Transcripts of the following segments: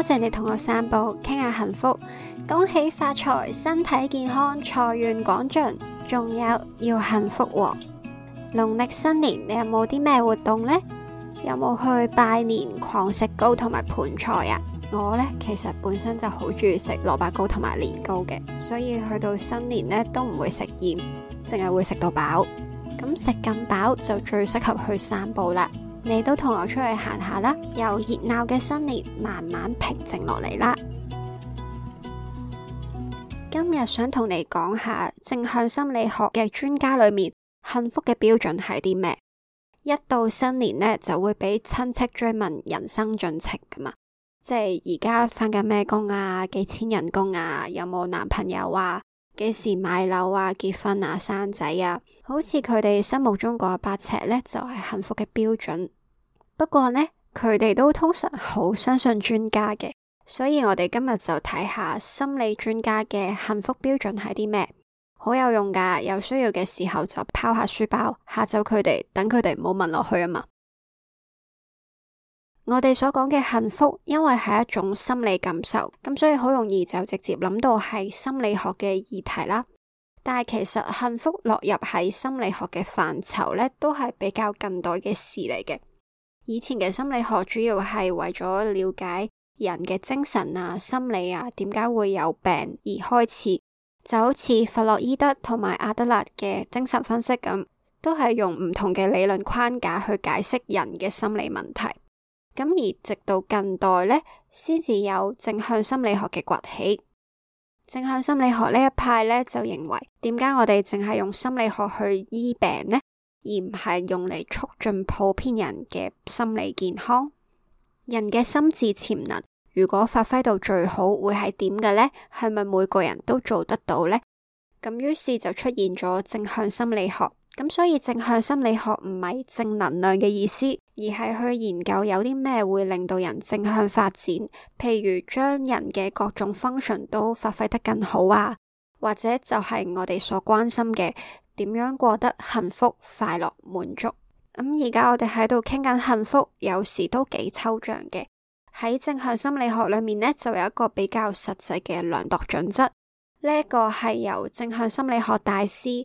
多謝你同我散步，傾下幸福，恭喜發財，身體健康，財源廣進，仲有，要幸福喎、哦！農曆新年你有冇啲咩活動呢？有冇去拜年、狂食糕同埋盤菜啊？我呢，其實本身就好中意食蘿蔔糕同埋年糕嘅，所以去到新年呢，都唔會食厭，淨係會食到飽。咁食咁飽就最適合去散步啦。你都同我出去行下啦，由熱鬧嘅新年慢慢平靜落嚟啦。今日想同你講下正向心理學嘅專家裏面幸福嘅標準係啲咩？一到新年呢，就會俾親戚追問人生進程噶嘛，即係而家翻緊咩工啊，幾千人工啊，有冇男朋友啊？幾時買樓啊？結婚啊？生仔啊？好似佢哋心目中嗰八尺咧，就係幸福嘅標準。不過咧，佢哋都通常好相信專家嘅，所以我哋今日就睇下心理專家嘅幸福標準係啲咩，好有用噶。有需要嘅時候就拋下書包，嚇走佢哋，等佢哋唔好問落去啊嘛。我哋所講嘅幸福，因為係一種心理感受，咁所以好容易就直接諗到係心理學嘅議題啦。但係其實幸福落入喺心理學嘅範疇呢，都係比較近代嘅事嚟嘅。以前嘅心理學主要係為咗了解人嘅精神啊、心理啊，點解會有病而開始，就好似弗洛伊德同埋阿德勒嘅精神分析咁，都係用唔同嘅理論框架去解釋人嘅心理問題。咁而直到近代呢，先至有正向心理學嘅崛起。正向心理學呢一派呢，就認為點解我哋淨係用心理學去醫病呢，而唔係用嚟促進普遍人嘅心理健康？人嘅心智潛能如果發揮到最好，會係點嘅呢？係咪每個人都做得到呢？咁於是就出現咗正向心理學。咁所以正向心理學唔係正能量嘅意思，而係去研究有啲咩會令到人正向發展，譬如將人嘅各種 function 都發揮得更好啊，或者就係我哋所關心嘅點樣過得幸福、快樂、滿足。咁而家我哋喺度傾緊幸福，有時都幾抽象嘅。喺正向心理學裏面呢，就有一個比較實際嘅量度準則，呢一個係由正向心理學大師。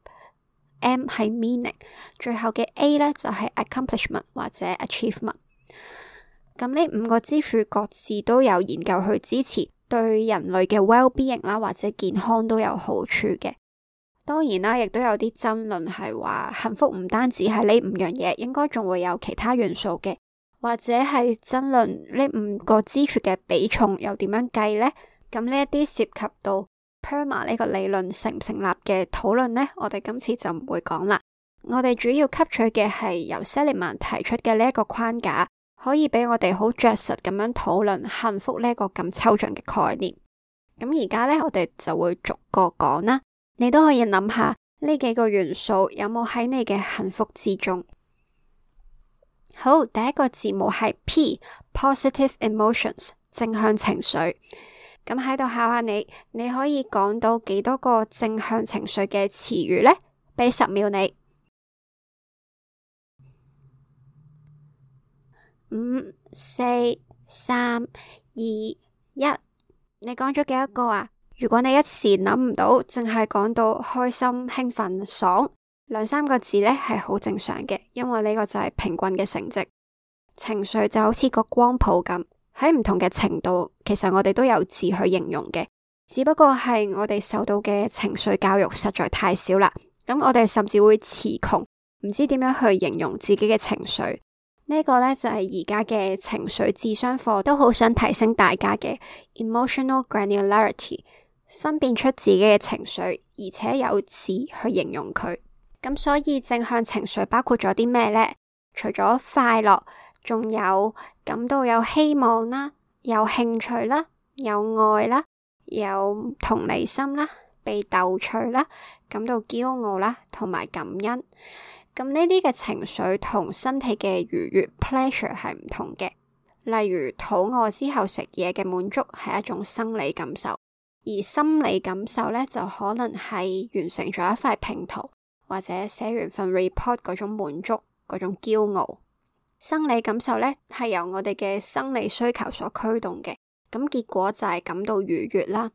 M 係 meaning，最後嘅 A 呢就係 accomplishment 或者 achievement。咁呢五個支柱各自都有研究去支持，對人類嘅 wellbeing 啦或者健康都有好處嘅。當然啦，亦都有啲爭論係話，幸福唔單止係呢五樣嘢，應該仲會有其他元素嘅，或者係爭論呢五個支柱嘅比重又點樣計呢？咁呢一啲涉及到。PERMA 呢個理論成唔成立嘅討論呢，我哋今次就唔會講啦。我哋主要吸取嘅係由 Seligmann 提出嘅呢一個框架，可以俾我哋好着實咁樣討論幸福呢個咁抽象嘅概念。咁而家呢，我哋就會逐個講啦。你都可以諗下呢幾個元素有冇喺你嘅幸福之中。好，第一個字母係 P，positive emotions，正向情緒。咁喺度考下你，你可以講到幾多個正向情緒嘅詞語呢？畀十秒你，五四三二一，你講咗幾多個啊？如果你一時諗唔到，淨係講到開心、興奮、爽，兩三個字呢係好正常嘅，因為呢個就係平均嘅成績，情緒就好似個光譜咁。喺唔同嘅程度，其實我哋都有字去形容嘅，只不過係我哋受到嘅情緒教育實在太少啦。咁我哋甚至會詞窮，唔知點樣去形容自己嘅情緒。呢個呢，就係而家嘅情緒智商課都好想提升大家嘅 emotional granularity，分辨出自己嘅情緒，而且有字去形容佢。咁所以正向情緒包括咗啲咩呢？除咗快樂。仲有感到有希望啦，有興趣啦，有愛啦，有同理心啦，被逗趣啦，感到驕傲啦，同埋感恩。咁呢啲嘅情緒同身體嘅愉悅 （pleasure） 係唔同嘅。例如，肚餓之後食嘢嘅滿足係一種生理感受，而心理感受呢，就可能係完成咗一塊拼圖，或者寫完份 report 嗰種滿足，嗰種驕傲。生理感受咧，係由我哋嘅生理需求所驅動嘅，咁結果就係感到愉悦啦。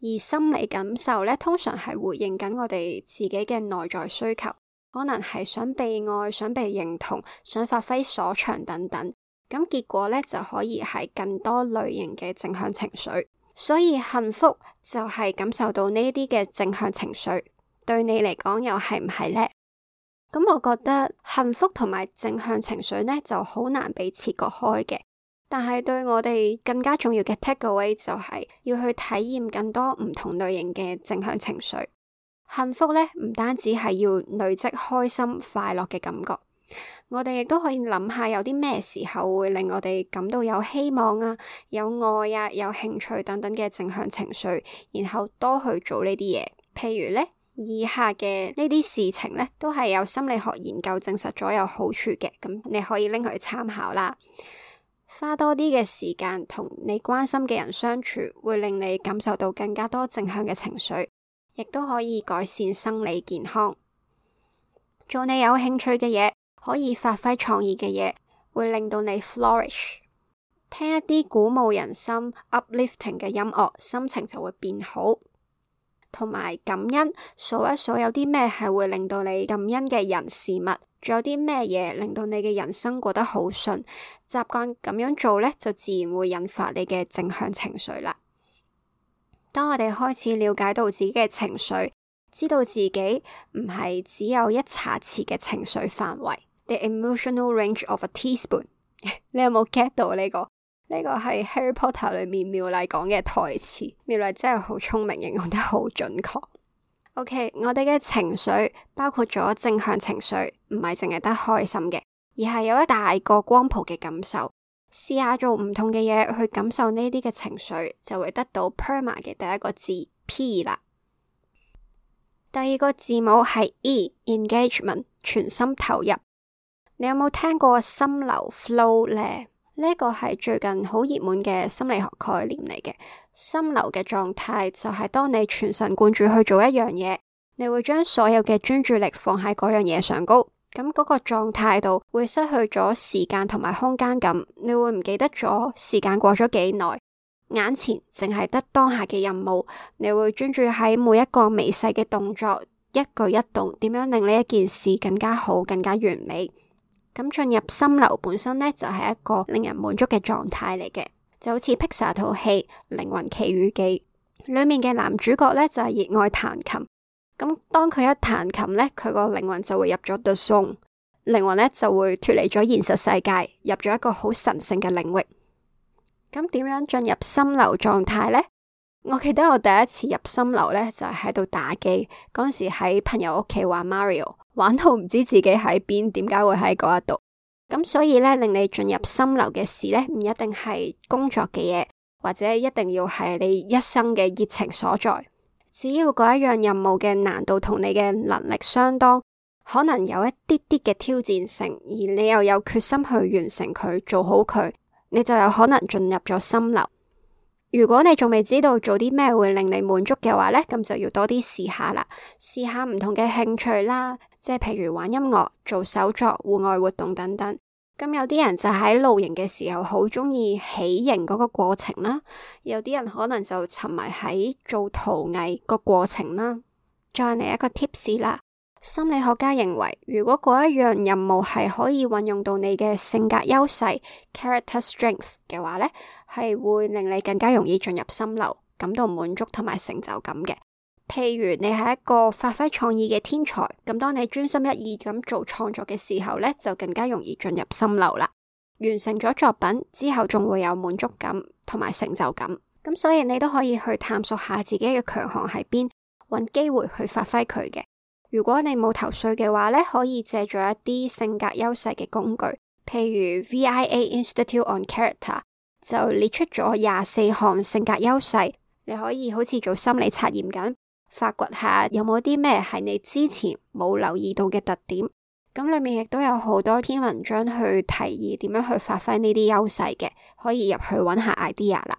而心理感受咧，通常係回應緊我哋自己嘅內在需求，可能係想被愛、想被認同、想發揮所長等等。咁結果咧，就可以係更多類型嘅正向情緒。所以幸福就係感受到呢啲嘅正向情緒，對你嚟講又係唔係咧？咁我覺得幸福同埋正向情緒呢就好難被切割開嘅，但係對我哋更加重要嘅 take away 就係要去體驗更多唔同類型嘅正向情緒。幸福呢唔單止係要累積開心、快樂嘅感覺，我哋亦都可以諗下有啲咩時候會令我哋感到有希望啊、有愛啊、有興趣等等嘅正向情緒，然後多去做呢啲嘢。譬如呢。以下嘅呢啲事情呢，都係有心理學研究證實咗有好處嘅，咁你可以拎佢去參考啦。花多啲嘅時間同你關心嘅人相處，會令你感受到更加多正向嘅情緒，亦都可以改善生理健康。做你有興趣嘅嘢，可以發揮創意嘅嘢，會令到你 flourish。聽一啲鼓舞人心、uplifting 嘅音樂，心情就會變好。同埋感恩，數一數有啲咩係會令到你感恩嘅人事物，仲有啲咩嘢令到你嘅人生過得好順，習慣咁樣做呢，就自然會引發你嘅正向情緒啦。當我哋開始了解到自己嘅情緒，知道自己唔係只有一茶匙嘅情緒範圍，the emotional range of a teaspoon， 你有冇 get 到呢個？呢個係《Harry Potter》裏面妙麗講嘅台詞，妙麗真係好聰明，形容得好準確。OK，我哋嘅情緒包括咗正向情緒，唔係淨係得開心嘅，而係有一大個光譜嘅感受。試下做唔同嘅嘢去感受呢啲嘅情緒，就會得到 PERMA 嘅第一個字 P 啦。第二個字母係 E，Engagement，全心投入。你有冇聽過心流 Flow 咧？呢個係最近好熱門嘅心理學概念嚟嘅，心流嘅狀態就係當你全神貫注去做一樣嘢，你會將所有嘅專注力放喺嗰樣嘢上高。咁嗰個狀態度會失去咗時間同埋空間感，你會唔記得咗時間過咗幾耐，眼前淨係得當下嘅任務，你會專注喺每一個微細嘅動作，一舉一動點樣令呢一件事更加好、更加完美。咁進入心流本身咧就係、是、一個令人滿足嘅狀態嚟嘅，就好似 Pixar 套戲《靈魂奇遇記》裏面嘅男主角咧就係、是、熱愛彈琴，咁當佢一彈琴咧，佢個靈魂就會入咗 the zone，靈魂咧就會脫離咗現實世界，入咗一個好神聖嘅領域。咁點樣進入心流狀態咧？我記得我第一次入心流呢，就喺度打機。嗰時喺朋友屋企玩 Mario，玩到唔知自己喺邊，點解會喺嗰一度？咁所以呢，令你進入心流嘅事呢，唔一定係工作嘅嘢，或者一定要係你一生嘅熱情所在。只要嗰一樣任務嘅難度同你嘅能力相當，可能有一啲啲嘅挑戰性，而你又有決心去完成佢，做好佢，你就有可能進入咗心流。如果你仲未知道做啲咩會令你滿足嘅話呢，咁就要多啲試下啦，試下唔同嘅興趣啦，即係譬如玩音樂、做手作、戶外活動等等。咁有啲人就喺露營嘅時候好鍾意起營嗰個過程啦，有啲人可能就沉迷喺做陶藝個過程啦。再嚟一個 tips 啦。心理學家認為，如果嗰一樣任務係可以運用到你嘅性格優勢 （character strength） 嘅話呢，係會令你更加容易進入心流，感到滿足同埋成就感嘅。譬如你係一個發揮創意嘅天才，咁當你專心一意咁做創作嘅時候呢，就更加容易進入心流啦。完成咗作品之後，仲會有滿足感同埋成就感。咁所以你都可以去探索下自己嘅強項喺邊，搵機會去發揮佢嘅。如果你冇頭緒嘅話咧，可以借助一啲性格優勢嘅工具，譬如 VIA Institute on Character 就列出咗廿四項性格優勢，你可以好似做心理測驗咁發掘下有冇啲咩係你之前冇留意到嘅特點。咁裏面亦都有好多篇文章去提議點樣去發揮呢啲優勢嘅，可以入去搵下 idea 啦。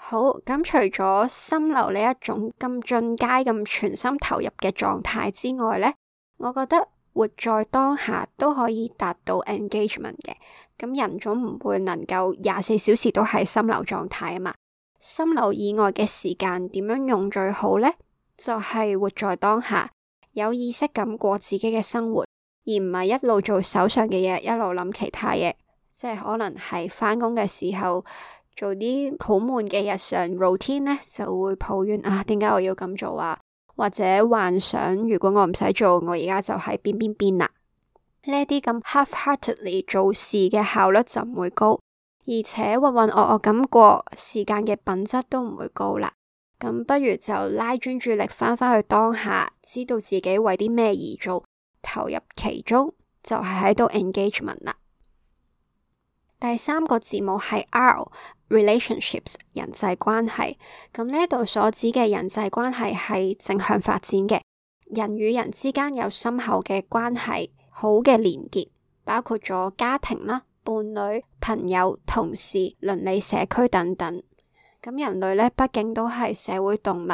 好咁，除咗心流呢一種咁進階、咁全心投入嘅狀態之外呢，我覺得活在當下都可以達到 engagement 嘅。咁人總唔會能夠廿四小時都係心流狀態啊嘛。心流以外嘅時間點樣用最好呢？就係活在當下，有意識咁過自己嘅生活，而唔係一路做手上嘅嘢，一路諗其他嘢。即係可能係返工嘅時候。做啲好悶嘅日常 routine 呢，就會抱怨啊，點解我要咁做啊？或者幻想如果我唔使做，我而家就喺邊邊邊啦。呢啲咁 half-heartedly 做事嘅效率就唔會高，而且渾渾噩噩咁過，時間嘅品質都唔會高啦。咁不如就拉專注力翻返去當下，知道自己為啲咩而做，投入其中，就係喺度 engagement 啦。第三個字母係 R，relationships，人際關係。咁呢度所指嘅人際關係係正向發展嘅，人與人之間有深厚嘅關係，好嘅連結，包括咗家庭啦、伴侶、朋友、同事、鄰里、社區等等。咁人類咧，畢竟都係社會動物，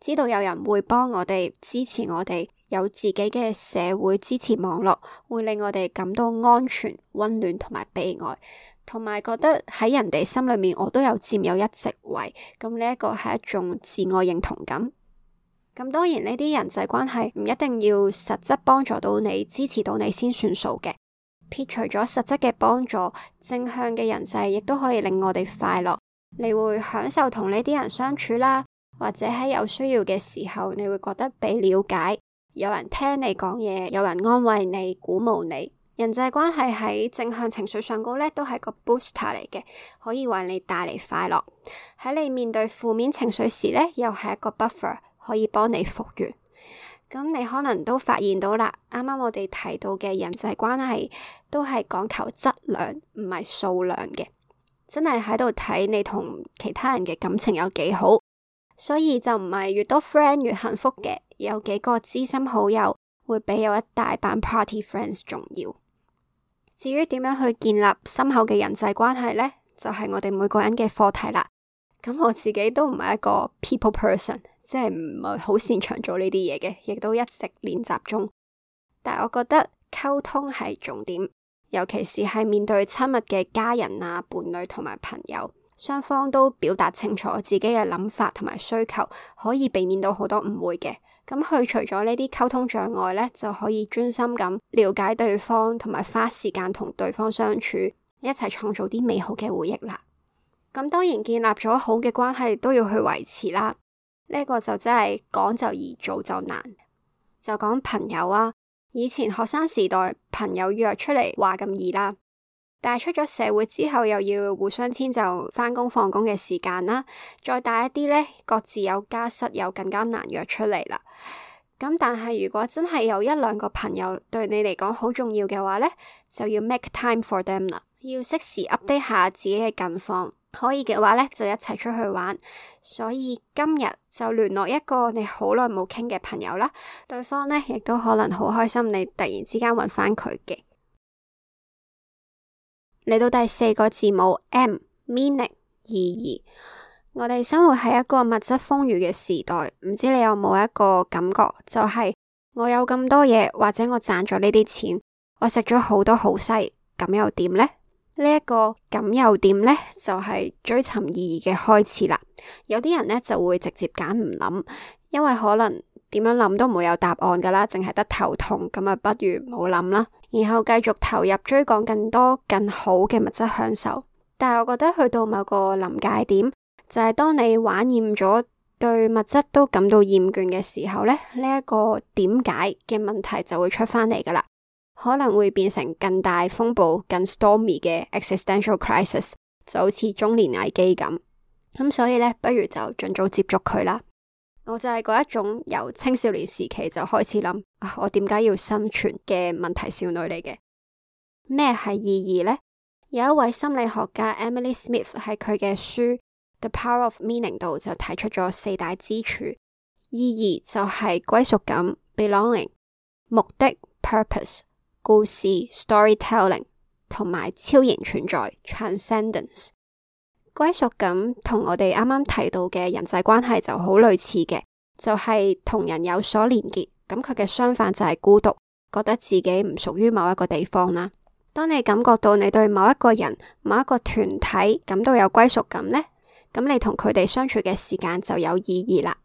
知道有人會幫我哋，支持我哋，有自己嘅社會支持網絡，會令我哋感到安全、溫暖同埋被愛，同埋覺得喺人哋心裏面，我都有佔有一席位。咁呢一個係一種自我認同感。咁當然呢啲人際關係唔一定要實質幫助到你，支持到你先算數嘅。撇除咗實質嘅幫助，正向嘅人際亦都可以令我哋快樂。你會享受同呢啲人相處啦，或者喺有需要嘅時候，你會覺得被了解。有人聽你講嘢，有人安慰你、鼓舞你，人際關係喺正向情緒上高咧，都係個 booster 嚟嘅，可以為你帶嚟快樂。喺你面對負面情緒時咧，又係一個 buffer，可以幫你復原。咁你可能都發現到啦，啱啱我哋提到嘅人際關係都係講求質量，唔係數量嘅，真係喺度睇你同其他人嘅感情有幾好。所以就唔係越多 friend 越幸福嘅，有幾個知心好友會比有一大班 party friends 重要。至於點樣去建立深厚嘅人際關係呢？就係我哋每個人嘅課題啦。咁我自己都唔係一個 people person，即係唔係好擅長做呢啲嘢嘅，亦都一直練習中。但係我覺得溝通係重點，尤其是係面對親密嘅家人啊、伴侶同埋朋友。雙方都表達清楚自己嘅諗法同埋需求，可以避免到好多誤會嘅。咁去除咗呢啲溝通障礙呢，就可以專心咁了解對方，同埋花時間同對方相處，一齊創造啲美好嘅回憶啦。咁當然建立咗好嘅關係都要去維持啦。呢、呢個就真係講就易，是，做就難。就講朋友啊，以前學生時代朋友約出嚟話咁易啦，啊。但係出咗社會之後，又要互相遷就翻工放工嘅時間啦，再大一啲呢，各自有家室，又更加難約出嚟啦。咁但係如果真係有一兩個朋友對你嚟講好重要嘅話呢，就要 make time for them 啦，要適時 update 下自己嘅近況，可以嘅話呢，就一齊出去玩。所以今日就聯絡一個你好耐冇傾嘅朋友啦，對方呢亦都可能好開心你突然之間揾翻佢嘅。嚟到第四個字母 M，Meaning 意義。我哋生活喺一個物質豐裕嘅時代，唔知你有冇一個感覺，就係、是、我有咁多嘢，或者我賺咗呢啲錢，我食咗好多好西，咁又點呢？呢、這、一個咁又點呢，就係、是、追尋意義嘅開始啦。有啲人呢，就會直接揀唔諗，因為可能點樣諗都冇有答案噶啦，淨係得頭痛，咁啊不如冇諗啦。然後繼續投入追趕更多更好嘅物質享受，但係我覺得去到某個臨界點，就係、是、當你玩厭咗對物質都感到厭倦嘅時候咧，呢、這、一個點解嘅問題就會出返嚟㗎喇，可能會變成更大風暴、更 stormy 嘅 existential crisis，就好似中年危機咁。咁所以咧，不如就盡早接觸佢啦。我就係嗰一種由青少年時期就開始諗啊，我點解要生存嘅問題少女嚟嘅。咩係意義呢？有一位心理學家 Emily Smith 喺佢嘅書《The Power of Meaning》度就提出咗四大支柱：意義就係歸屬感 （Belonging）、目的 （Purpose）、故事 （Storytelling） 同埋超然存在 （Transcendence）。歸屬感同我哋啱啱提到嘅人際關係就好類似嘅，就係同人有所連結。咁佢嘅相反就係孤獨，覺得自己唔屬於某一個地方啦。當你感覺到你對某一個人、某一個團體感到有歸屬感呢，咁你同佢哋相處嘅時間就有意義啦。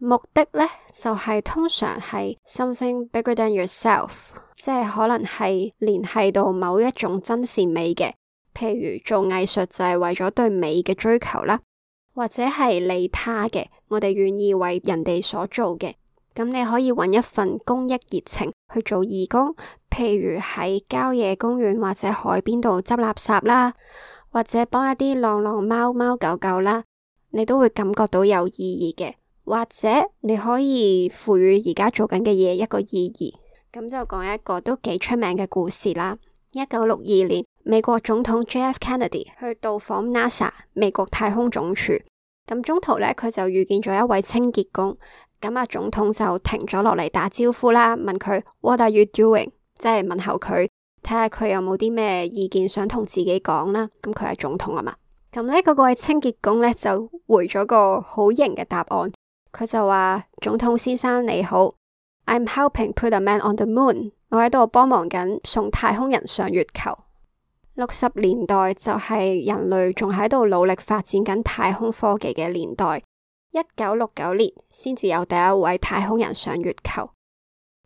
目的呢，就係通常係 something bigger than yourself，即係可能係聯繫到某一種真善美嘅。譬如做藝術就係為咗對美嘅追求啦，或者係利他嘅，我哋願意為人哋所做嘅。咁你可以揾一份公益熱情去做義工，譬如喺郊野公園或者海邊度執垃圾啦，或者幫一啲浪浪貓貓狗狗啦，你都會感覺到有意義嘅。或者你可以賦予而家做緊嘅嘢一個意義。咁就講一個都幾出名嘅故事啦，一九六二年。美國總統 J.F. Kennedy 去到訪 NASA 美國太空總署，咁中途咧，佢就遇見咗一位清潔工，咁啊，總統就停咗落嚟打招呼啦，問佢 What are you doing？即係問候佢，睇下佢有冇啲咩意見想同自己講啦。咁佢係總統啊嘛，咁咧嗰個位清潔工咧就回咗個好型嘅答案，佢就話：總統先生你好，I'm helping put a man on the moon。我喺度幫忙緊送太空人上月球。六十年代就係人類仲喺度努力發展緊太空科技嘅年代，一九六九年先至有第一位太空人上月球。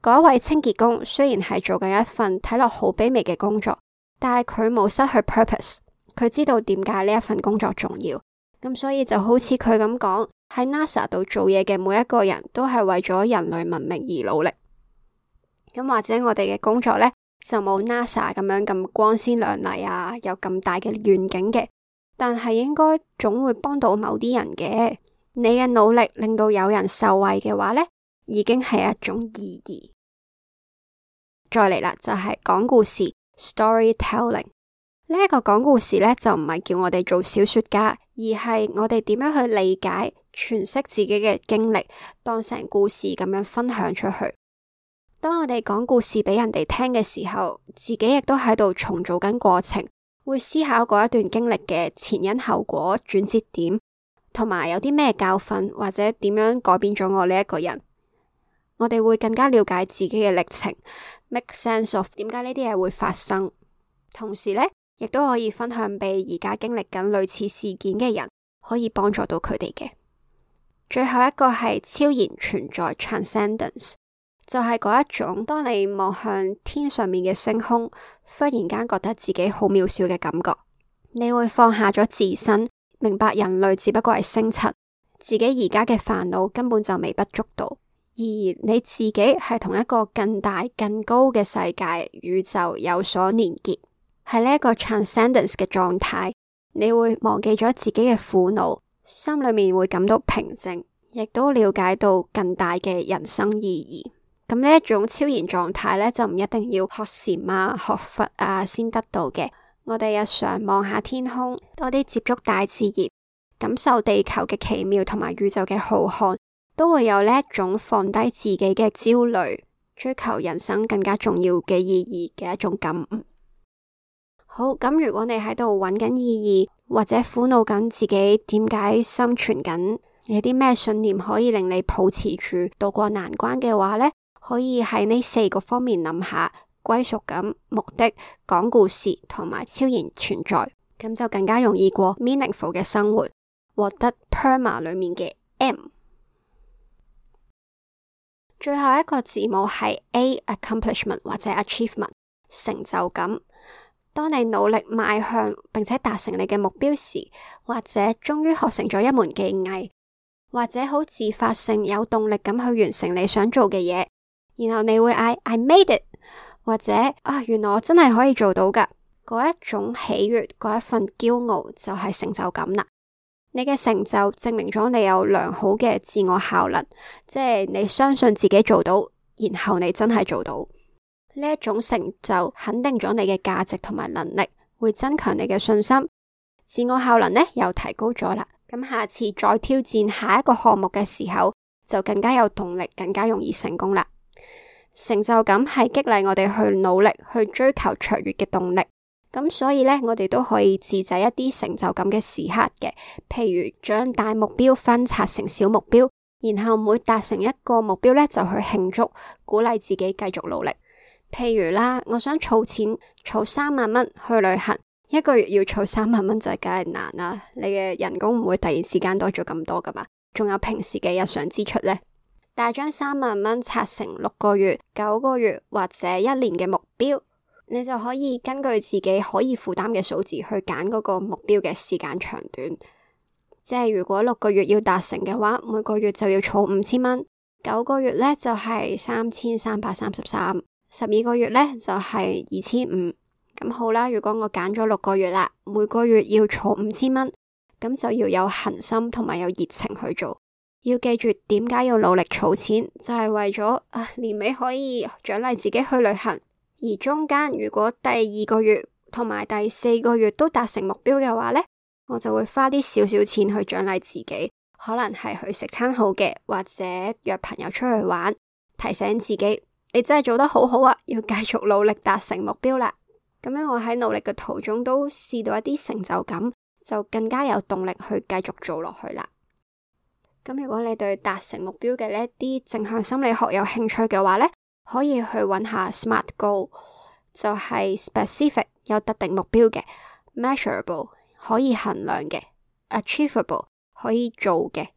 嗰位清潔工雖然係做緊一份睇落好卑微嘅工作，但係佢冇失去 purpose，佢知道點解呢一份工作重要，咁所以就好似佢咁講，喺 NASA 度做嘢嘅每一個人都係為咗人類文明而努力。咁或者我哋嘅工作呢？就冇 NASA 咁樣咁光鮮亮麗啊，有咁大嘅願景嘅，但係應該總會幫到某啲人嘅。你嘅努力令到有人受惠嘅話呢，已經係一種意義。再嚟啦，就係講故事 （storytelling）。呢一個講故事呢，就唔係叫我哋做小說家，而係我哋點樣去理解、詮釋自己嘅經歷，當成故事咁樣分享出去。當我哋講故事俾人哋聽嘅時候，自己亦都喺度重組緊過程，會思考嗰一段經歷嘅前因後果、轉折點，同埋有啲咩教訓或者點樣改變咗我呢一個人。我哋會更加了解自己嘅歷程，make sense of 點解呢啲嘢會發生，同時呢，亦都可以分享俾而家經歷緊類似事件嘅人，可以幫助到佢哋嘅。最後一個係超然存在 transcendence。就係嗰一種，當你望向天上面嘅星空，忽然間覺得自己好渺小嘅感覺，你會放下咗自身，明白人類只不過係星塵，自己而家嘅煩惱根本就微不足道，而你自己係同一個更大更高嘅世界宇宙有所連結，係呢一個 transcendence 嘅狀態，你會忘記咗自己嘅苦惱，心裏面會感到平靜，亦都了解到更大嘅人生意義。咁呢一種超然狀態呢，就唔一定要學禪啊、學佛啊先得到嘅。我哋日常望下天空，多啲接觸大自然，感受地球嘅奇妙同埋宇宙嘅浩瀚，都會有呢一種放低自己嘅焦慮，追求人生更加重要嘅意義嘅一種感悟。好，咁如果你喺度揾緊意義，或者苦惱緊自己點解生存緊，有啲咩信念可以令你保持住度過難關嘅話呢？可以喺呢四個方面諗下歸屬感、目的、講故事同埋超然存在，咁就更加容易過 meaningful 嘅生活，獲得 PERMA 裏面嘅 M。最後一個字母係 A，accomplishment 或者 achievement 成就感。當你努力邁向並且達成你嘅目標時，或者終於學成咗一門技藝，或者好自發性有動力咁去完成你想做嘅嘢。然後你會嗌 I made it，或者啊，oh，原來我真係可以做到噶。嗰一種喜悅，嗰一份驕傲，就係成就感啦。你嘅成就證明咗你有良好嘅自我效能，即係你相信自己做到，然後你真係做到。呢一種成就肯定咗你嘅價值同埋能力，會增強你嘅信心，自我效能呢又提高咗啦。咁下次再挑戰下一個項目嘅時候，就更加有動力，更加容易成功啦。成就感係激勵我哋去努力去追求卓越嘅動力，咁所以呢，我哋都可以自製一啲成就感嘅時刻嘅，譬如將大目標分拆成小目標，然後每達成一個目標呢，就去慶祝，鼓勵自己繼續努力。譬如啦，我想儲錢儲三萬蚊去旅行，一個月要儲三萬蚊就梗係難啦，你嘅人工唔會突然之間多咗咁多噶嘛，仲有平時嘅日常支出呢。但係將三萬蚊拆成六個月、九個月或者一年嘅目標，你就可以根據自己可以負擔嘅數字去揀嗰個目標嘅時間長短。即係如果六個月要達成嘅話，每個月就要儲五千蚊；九個月呢就係三千三百三十三；十二個月呢就係二千五。咁好啦，如果我揀咗六個月啦，每個月要儲五千蚊，咁就要有恒心同埋有熱情去做。要記住點解要努力儲錢，就係為咗啊年尾可以獎勵自己去旅行。而中間如果第二個月同埋第四個月都達成目標嘅話呢，我就會花啲少少錢去獎勵自己，可能係去食餐好嘅，或者約朋友出去玩。提醒自己，你真係做得好好啊，要繼續努力達成目標啦。咁樣我喺努力嘅途中都試到一啲成就感，就更加有動力去繼續做落去啦。咁如果你對達成目標嘅呢啲正向心理學有興趣嘅話呢，可以去揾下 SMART Goal 就係 specific 有特定目標嘅，measurable 可以衡量嘅，achievable 可以做嘅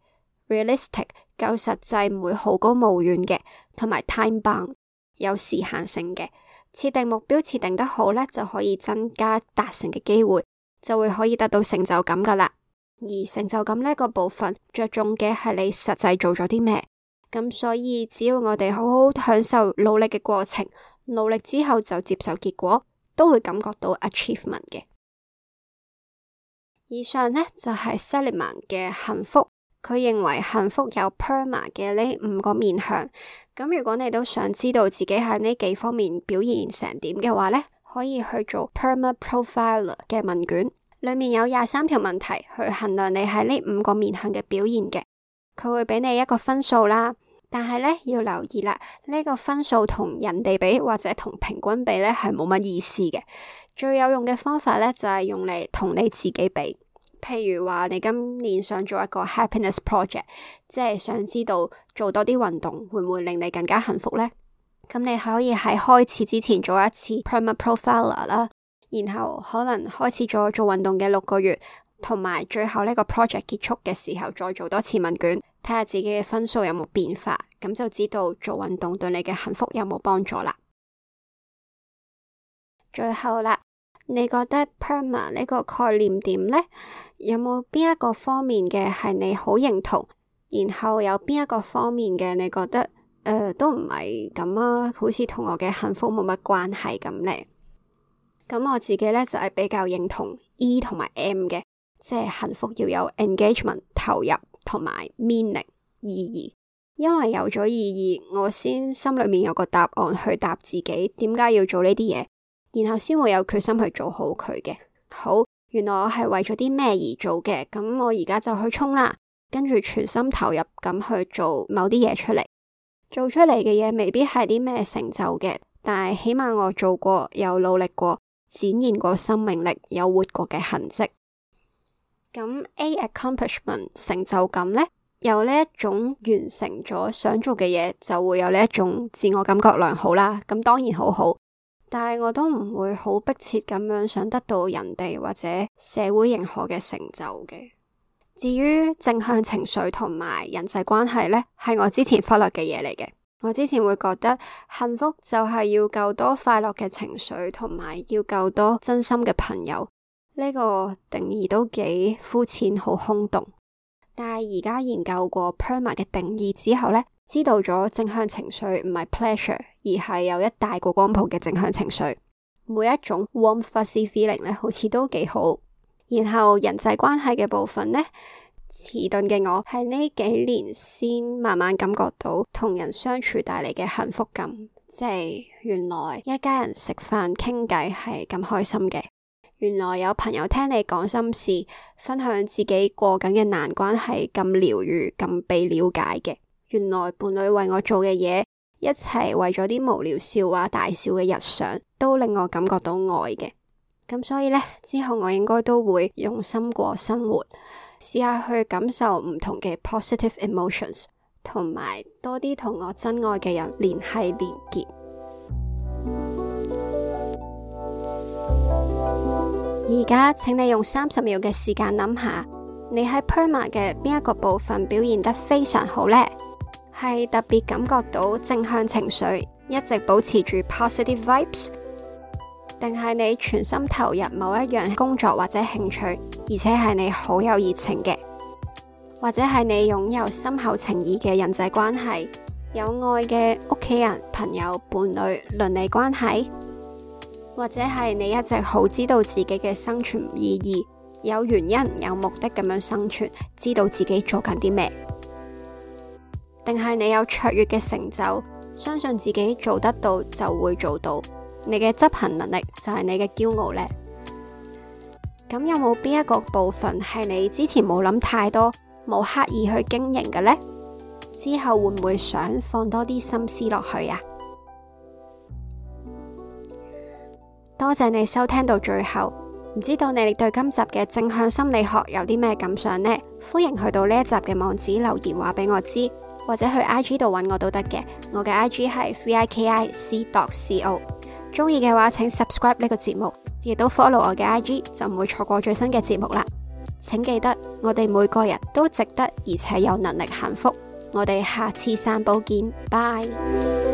，realistic 夠實際唔會好高騖遠嘅，同埋 time bound 有時限性嘅。設定目標設定得好呢，就可以增加達成嘅機會，就會可以得到成就感噶啦。而成就感呢個部分着重嘅係你實際做咗啲咩，咁所以只要我哋好好享受努力嘅過程，努力之後就接受結果，都會感覺到 achievement 嘅。以上呢就係 Seligmann 嘅幸福，佢認為幸福有 Perma 嘅呢五個面向。咁如果你都想知道自己喺呢幾方面表現成點嘅話呢，可以去做 Perma Profiler 嘅問卷。裏面有廿三條問題去衡量你喺呢五個面向嘅表現嘅，佢會俾你一個分數啦。但係呢要留意啦，呢個分數同人哋比或者同平均比呢，係冇乜意思嘅。最有用嘅方法呢，就係用嚟同你自己比。譬如話你今年想做一個 happiness project，即係想知道做多啲運動會唔會令你更加幸福呢？咁你可以喺開始之前做一次 PERMA Profiler 啦。然後可能開始咗做運動嘅六個月，同埋最後呢個 project 結束嘅時候，再做多次問卷，睇下自己嘅分數有冇變化，咁就知道做運動對你嘅幸福有冇幫助啦。最後啦，你覺得 PERMA 呢個概念點呢？有冇邊一個方面嘅係你好認同？然後有邊一個方面嘅你覺得，誒、呃、都唔係咁啊，好似同我嘅幸福冇乜關係咁呢。咁我自己呢，就係比較認同 E 同埋 M 嘅，即係幸福要有 engagement 投入同埋 meaning 意義，因為有咗意義，我先心裏面有個答案去答自己點解要做呢啲嘢，然後先會有決心去做好佢嘅。好，原來我係為咗啲咩而做嘅，咁我而家就去衝啦，跟住全心投入咁去做某啲嘢出嚟，做出嚟嘅嘢未必係啲咩成就嘅，但係起碼我做過，有努力過。展現過生命力，有活過嘅痕迹。咁 a accomplishment 成就感呢，有呢一種完成咗想做嘅嘢，就會有呢一種自我感覺良好啦。咁當然好好，但係我都唔會好迫切咁樣想得到人哋或者社會認可嘅成就嘅。至於正向情緒同埋人際關係呢，係我之前忽略嘅嘢嚟嘅。我之前會覺得幸福就係要夠多快樂嘅情緒，同埋要夠多真心嘅朋友。呢個定義都幾膚淺，好空洞。但係而家研究過 PERMA 嘅定義之後呢，知道咗正向情緒唔係 pleasure，而係有一大個光譜嘅正向情緒。每一種 warm fuzzy feeling 呢，好似都幾好。然後人際關係嘅部分呢。遲鈍嘅我係呢幾年先慢慢感覺到同人相處帶嚟嘅幸福感，即係原來一家人食飯傾偈係咁開心嘅。原來有朋友聽你講心事，分享自己過緊嘅難關係咁療愈、咁被了解嘅。原來伴侶為我做嘅嘢，一齊為咗啲無聊笑話大笑嘅日常，都令我感覺到愛嘅。咁所以呢，之後我應該都會用心過生活。試下去感受唔同嘅 positive emotions，同埋多啲同我真愛嘅人聯繫連結。而家請你用三十秒嘅時間諗下，你喺 PERMA 嘅邊一個部分表現得非常好呢？係特別感覺到正向情緒，一直保持住 positive vibes，定係你全心投入某一樣工作或者興趣？而且係你好有熱情嘅，或者係你擁有深厚情誼嘅人際關係，有愛嘅屋企人、朋友、伴侶、鄰里關係，或者係你一直好知道自己嘅生存意義，有原因、有目的咁樣生存，知道自己做緊啲咩，定係你有卓越嘅成就，相信自己做得到就會做到，你嘅執行能力就係你嘅驕傲呢。咁有冇邊一個部分係你之前冇諗太多，冇刻意去經營嘅呢？之後會唔會想放多啲心思落去啊？多謝你收聽到最後，唔知道你哋對今集嘅《正向心理學》有啲咩感想呢？歡迎去到呢一集嘅網址留言話俾我知，或者去 I G 度揾我都得嘅。我嘅 I G 係 V I K I C dot c o。中意嘅話，請 subscribe 呢個節目。亦都 follow 我嘅 IG，就唔會錯過最新嘅節目啦！請記得，我哋每個人都值得，而且有能力幸福。我哋下次散步見，Bye。